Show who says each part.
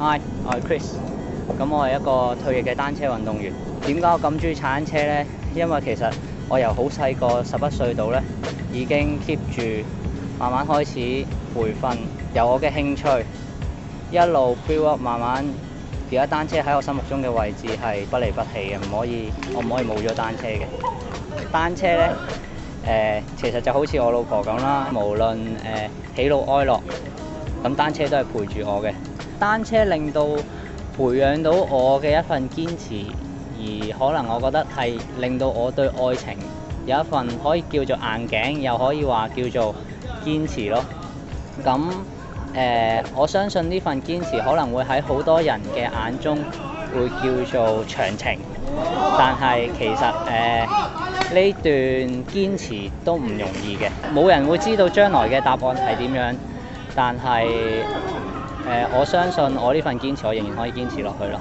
Speaker 1: Hi，I'm，Chris。咁我係一個退役嘅單車運動員。點解我咁中意踩單車呢？因為其實我由好細個十一歲到呢已經 keep 住慢慢開始培訓，由我嘅興趣，一路 build up，慢慢而家單車喺我心目中嘅位置係不離不棄嘅，唔可以，我唔可以冇咗單車嘅。單車呢，誒、呃，其實就好似我老婆咁啦，無論誒、呃、喜怒哀樂，咁單車都係陪住我嘅。單車令到培養到我嘅一份堅持，而可能我覺得係令到我對愛情有一份可以叫做硬頸，又可以話叫做堅持咯。咁誒、呃，我相信呢份堅持可能會喺好多人嘅眼中會叫做長情，但係其實誒呢、呃、段堅持都唔容易嘅，冇人會知道將來嘅答案係點樣，但係。呃，我相信我呢份堅持，我仍然可以堅持落去咯。